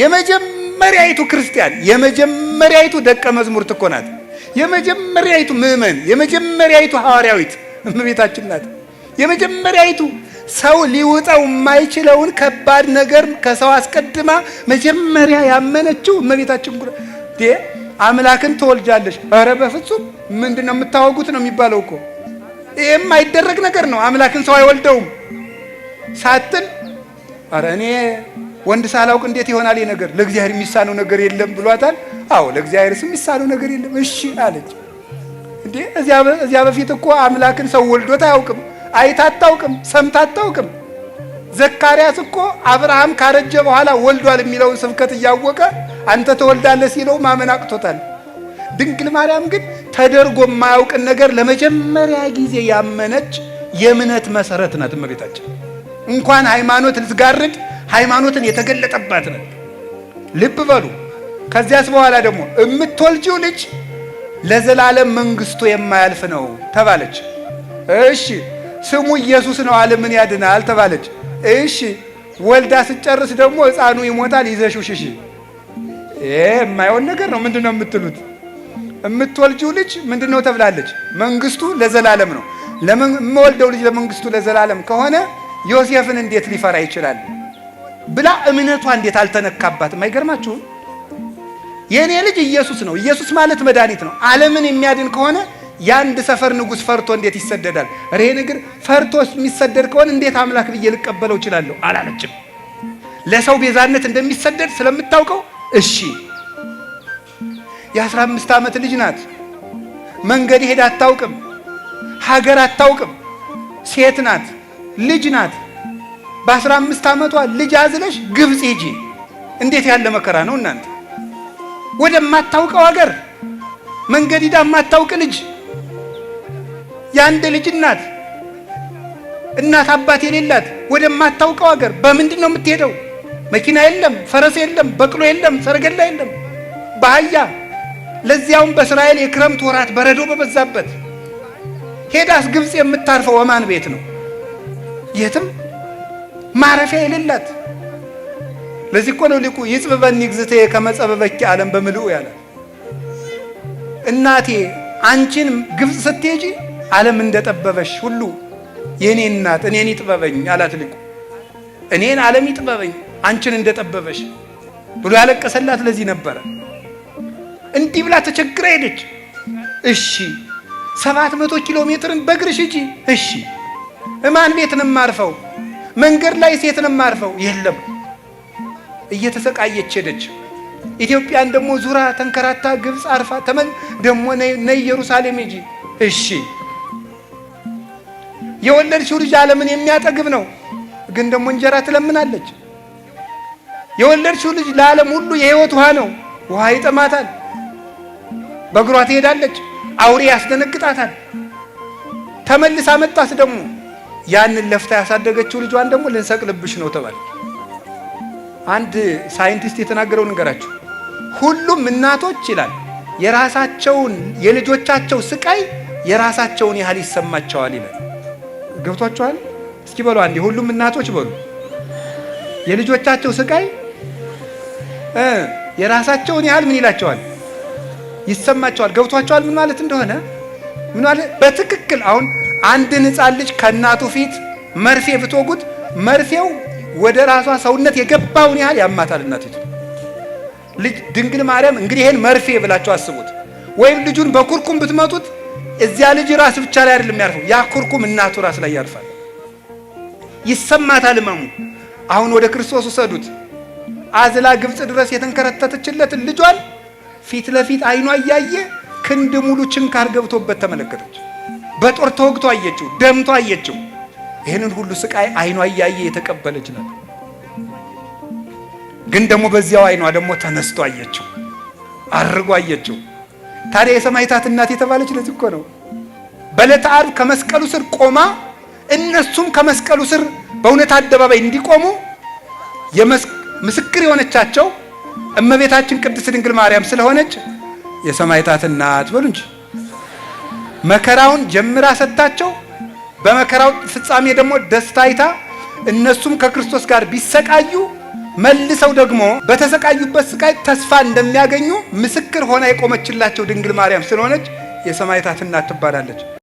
የመጀመሪያይቱ ክርስቲያን የመጀመሪያይቱ ደቀ መዝሙርት እኮ ናት። የመጀመሪያይቱ ምእመን የመጀመሪያይቱ ሐዋርያዊት እመቤታችን ናት። የመጀመሪያይቱ ሰው ሊውጠው የማይችለውን ከባድ ነገር ከሰው አስቀድማ መጀመሪያ ያመነችው እመቤታችን ጉራ አምላክን ትወልጃለሽ። ኧረ በፍጹም ምንድን ነው የምታወጉት ነው የሚባለው እኮ ይህ የማይደረግ ነገር ነው። አምላክን ሰው አይወልደውም ሳትል ኧረ እኔ ወንድ ሳላውቅ እንዴት ይሆናል ይሄ ነገር? ለእግዚአብሔር የሚሳነው ነገር የለም ብሏታል። አዎ ለእግዚአብሔር ስም የሚሳነው ነገር የለም። እሺ አለች። እንዴ እዚያ በፊት እኮ አምላክን ሰው ወልዶት አያውቅም፣ አይታ አታውቅም፣ ሰምታ አታውቅም። ዘካርያስ እኮ አብርሃም ካረጀ በኋላ ወልዷል የሚለውን ስብከት እያወቀ አንተ ተወልዳለህ ሲለው ማመን አቅቶታል። ድንግል ማርያም ግን ተደርጎ የማያውቅን ነገር ለመጀመሪያ ጊዜ ያመነች የእምነት መሰረት ናት እመቤታችን። እንኳን ሃይማኖት ልትጋርድ ሃይማኖትን የተገለጠባት ነው። ልብ በሉ። ከዚያስ በኋላ ደግሞ የምትወልጂው ልጅ ለዘላለም መንግስቱ የማያልፍ ነው ተባለች። እሺ ስሙ ኢየሱስ ነው ዓለምን ያድናል ተባለች። እሺ ወልዳ ስጨርስ ደግሞ ሕፃኑ ይሞታል፣ ይዘሽው ሽሽ። የማይሆን ነገር ነው። ምንድን ነው የምትሉት? የምትወልጂው ልጅ ምንድን ነው ተብላለች? መንግስቱ ለዘላለም ነው። የምወልደው ልጅ ለመንግስቱ ለዘላለም ከሆነ ዮሴፍን እንዴት ሊፈራ ይችላል? ብላ እምነቷ እንዴት አልተነካባትም? አይገርማችሁም? የእኔ ልጅ ኢየሱስ ነው። ኢየሱስ ማለት መድኃኒት ነው። ዓለምን የሚያድን ከሆነ የአንድ ሰፈር ንጉሥ ፈርቶ እንዴት ይሰደዳል? ሬ ንግር ፈርቶ የሚሰደድ ከሆነ እንዴት አምላክ ብዬ ልቀበለው እችላለሁ? አላለችም። ለሰው ቤዛነት እንደሚሰደድ ስለምታውቀው እሺ። የአስራ አምስት ዓመት ልጅ ናት። መንገድ ሄዳ አታውቅም። ሀገር አታውቅም። ሴት ናት። ልጅ ናት። በአስራ አምስት ዓመቷ ልጅ አዝለሽ ግብፅ ሂጂ። እንዴት ያለ መከራ ነው እናንተ! ወደማታውቀው ሀገር መንገድ ሂዳ ልጅ፣ የአንድ ልጅ እናት፣ እናት አባት የሌላት ወደማታውቀው ሀገር በምንድን ነው የምትሄደው? መኪና የለም፣ ፈረስ የለም፣ በቅሎ የለም፣ ሰረገላ የለም፣ በአህያ ለዚያውም በእስራኤል የክረምት ወራት በረዶ በበዛበት ሄዳስ ግብፅ የምታርፈው ወማን ቤት ነው? የትም ማረፊያ የሌላት። ለዚህ እኮ ነው ሊቁ ይጽብበኒ እግዝእትየ ከመ ጸበበኪ ዓለም በምልኡ ያለ። እናቴ አንቺን ግብፅ ስትሄጂ ዓለም እንደጠበበሽ ሁሉ የእኔ እናት እኔን ይጥበበኝ አላት ሊቁ። እኔን ዓለም ይጥበበኝ አንቺን እንደጠበበሽ ብሎ ያለቀሰላት ለዚህ ነበረ። እንዲህ ብላ ተቸግራ ሄደች። እሺ ሰባት መቶ ኪሎ ሜትርን በእግርሽ ሂጂ። እሺ እማን ቤት ነው የማርፈው? መንገድ ላይ ሴትንም አርፈው የለም እየተሰቃየች ሄደች። ኢትዮጵያን ደግሞ ዙራ ተንከራታ ግብፅ አርፋ ተመን ደግሞ ነይ ኢየሩሳሌም ሂጂ። እሺ የወለድሽው ልጅ ዓለምን የሚያጠግብ ነው፣ ግን ደግሞ እንጀራ ትለምናለች። የወለድሽው ልጅ ለዓለም ሁሉ የህይወት ውሃ ነው፣ ውሃ ይጠማታል። በእግሯ ትሄዳለች፣ አውሬ ያስደነግጣታል። ተመልሳ መጣት ደግሞ ያንን ለፍታ ያሳደገችው ልጇን ደግሞ ልንሰቅልብሽ ነው ተባለ። አንድ ሳይንቲስት የተናገረው ንገራችሁ። ሁሉም እናቶች ይላል የራሳቸውን የልጆቻቸው ስቃይ የራሳቸውን ያህል ይሰማቸዋል ይላል። ገብቷችኋል? እስኪ በሉ አንዴ ሁሉም እናቶች በሉ የልጆቻቸው ስቃይ የራሳቸውን ያህል ምን ይላቸዋል ይሰማቸዋል። ገብቷቸዋል ምን ማለት እንደሆነ ምን ማለት በትክክል አሁን አንድን ህፃን ልጅ ከእናቱ ፊት መርፌ ብትወጉት መርፌው ወደ ራሷ ሰውነት የገባውን ያህል ያማታል እናቲቱ። ልጅ ድንግል ማርያም እንግዲህ ይሄን መርፌ ብላችሁ አስቡት። ወይም ልጁን በኩርኩም ብትመጡት እዚያ ልጅ ራስ ብቻ ላይ አይደለም ያርፈው፣ ያ ኩርኩም እናቱ ራስ ላይ ያርፋል። ይሰማታል መሙ አሁን ወደ ክርስቶስ ውሰዱት። አዝላ ግብፅ ድረስ የተንከረተተችለትን ልጇን ፊት ለፊት አይኗ እያየ ክንድ ሙሉ ችንካር ገብቶበት ተመለከተች። በጦር ተወግቶ አየችው፣ ደምቶ አየችው። ይህንን ሁሉ ስቃይ አይኗ እያየ የተቀበለች ናት። ግን ደግሞ በዚያው አይኗ ደግሞ ተነስቶ አየችው፣ አርጎ አየችው። ታዲያ የሰማይታት እናት የተባለች ለዚህ እኮ ነው። በዕለተ ዓርብ ከመስቀሉ ስር ቆማ እነሱም ከመስቀሉ ስር በእውነት አደባባይ እንዲቆሙ ምስክር የሆነቻቸው እመቤታችን ቅድስት ድንግል ማርያም ስለሆነች የሰማይታት እናት በሉ እንጂ መከራውን ጀምራ ሰጥታቸው በመከራው ፍጻሜ ደግሞ ደስታይታ እነሱም ከክርስቶስ ጋር ቢሰቃዩ መልሰው ደግሞ በተሰቃዩበት ስቃይ ተስፋ እንደሚያገኙ ምስክር ሆና የቆመችላቸው ድንግል ማርያም ስለሆነች የሰማዕታት እናት ትባላለች።